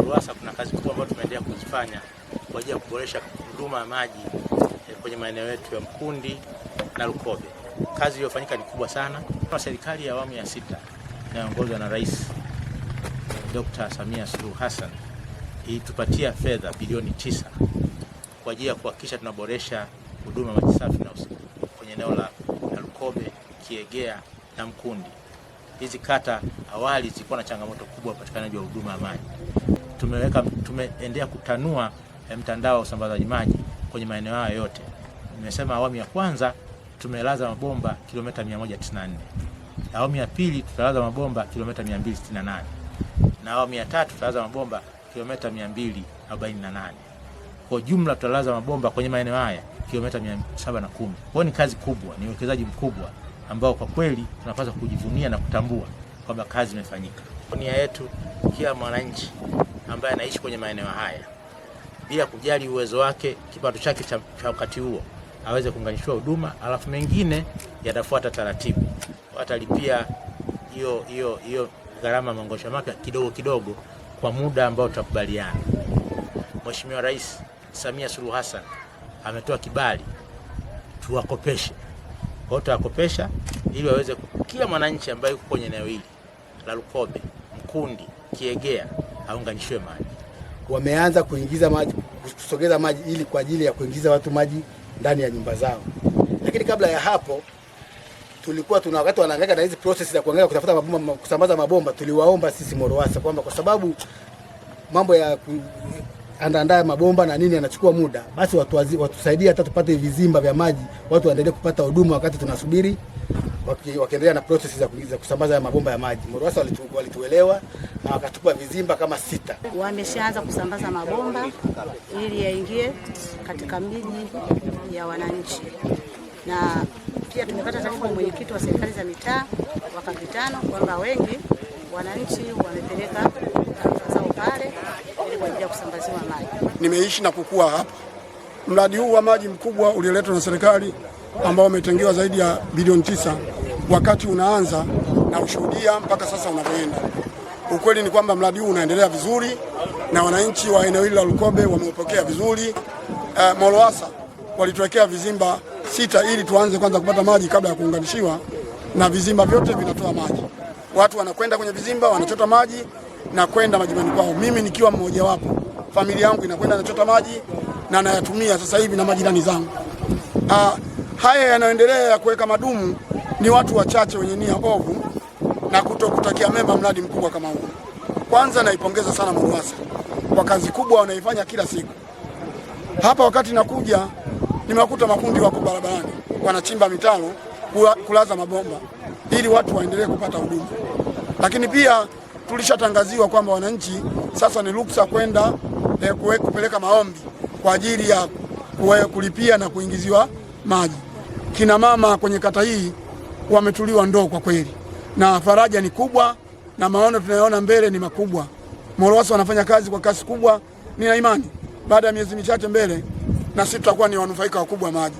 RUWASA kuna kazi kubwa ambayo tumeendelea kuzifanya kwa ajili ya kuboresha huduma ya maji eh, kwenye maeneo yetu ya Mkundi na Lukobe. Kazi iliyofanyika ni kubwa sana. Kwa serikali ya awamu ya sita inayoongozwa na Rais Dr. Samia Suluhu Hassan ilitupatia fedha bilioni tisa kwa ajili ya kuhakikisha tunaboresha huduma maji safi na usafi kwenye eneo la Lukobe, Kiegea na Mkundi. Hizi kata awali zilikuwa na changamoto kubwa upatikanaji wa huduma ya maji tumeweka tumeendelea kutanua eh, mtandao wa usambazaji maji kwenye maeneo hayo yote. Nimesema awamu ya kwanza tumelaza mabomba kilomita 194, awamu ya pili tutalaza mabomba kilomita 268, na awamu ya tatu tutalaza mabomba kilomita 248. Kwa jumla tutalaza mabomba kwenye maeneo haya kilomita 710. Kwa ni kazi kubwa, ni uwekezaji mkubwa ambao kwa kweli tunapaswa kujivunia na kutambua kwamba kazi imefanyika. Nia yetu kila mwananchi ambaye anaishi kwenye maeneo haya bila kujali uwezo wake, kipato chake cha wakati huo, aweze kuunganishiwa huduma, alafu mengine yatafuata taratibu, watalipia hiyo hiyo hiyo gharama maongosho mapya kidogo kidogo kwa muda ambao tutakubaliana. Mheshimiwa Rais Samia Suluhu Hassan ametoa kibali tuwakopeshe, kwa hiyo ili waweze, kila mwananchi ambaye yuko kwenye eneo hili la Lukobe, Mkundi, Kiegea aunganishwe maji. Wameanza kuingiza maji, kusogeza maji ili kwa ajili ya kuingiza watu maji ndani ya nyumba zao, lakini kabla ya hapo tulikuwa tuna wakati wanaangaika na hizi process za kuangaika kutafuta mabomba, kusambaza mabomba. Tuliwaomba sisi Morowasa kwamba kwa sababu mambo ya andaandaa mabomba na nini yanachukua muda, basi watu watusaidie hata tupate vizimba vya maji, watu waendelee kupata huduma wakati tunasubiri wakiendelea na process za kuingiza kusambaza mabomba ya maji. MORUWASA walituelewa na wakatupa vizimba kama sita. Wameshaanza kusambaza mabomba ili yaingie katika miji ya wananchi, na pia tumepata taarifa kwa mwenyekiti wa serikali za mitaa wa kwamba wengi wananchi wamepeleka taarifa zao pale ili kwa ajili ya kusambaziwa maji. Nimeishi na kukua hapa. Mradi huu wa maji mkubwa ulioletwa na serikali ambao umetengewa zaidi ya bilioni tisa wakati unaanza na ushuhudia mpaka sasa unavyoenda. Ukweli ni kwamba mradi huu unaendelea vizuri na wananchi wa eneo hili la Lukobe wameupokea vizuri. Uh, eh, MORUWASA walituwekea vizimba sita ili tuanze kwanza kupata maji kabla ya kuunganishiwa, na vizimba vyote vinatoa maji. Watu wanakwenda kwenye vizimba wanachota maji na kwenda majumbani kwao. Mimi nikiwa mmoja wapo, familia yangu inakwenda inachota maji na nayatumia sasa hivi na majirani zangu. Uh, haya yanayoendelea ya kuweka madumu ni watu wachache wenye nia ovu na kutokutakia mema mradi mkubwa kama huu. Kwanza naipongeza sana MORUWASA kwa kazi kubwa wanaifanya kila siku. Hapa wakati nakuja nimewakuta makundi wako barabarani wanachimba mitaro, kulaza mabomba ili watu waendelee kupata huduma, lakini pia tulishatangaziwa kwamba wananchi sasa ni ruksa kwenda eh, kupeleka maombi kwa ajili ya kulipia na kuingiziwa maji. Kina mama kwenye kata hii wametuliwa ndoo kwa kweli, na faraja ni kubwa na maono tunayoona mbele ni makubwa. Morowasu wanafanya kazi kwa kasi kubwa, nina imani baada ya miezi michache mbele na sisi tutakuwa ni wanufaika wakubwa maji